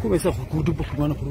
ko bai sa ku dubba kuma na kuru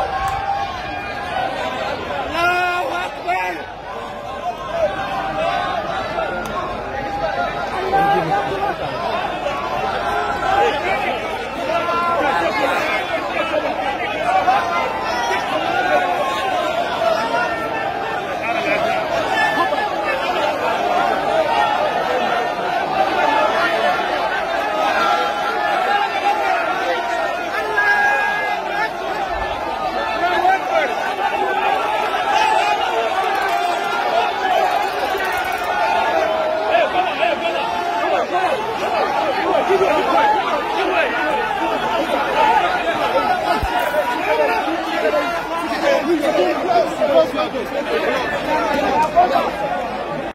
Thank you. Thank you.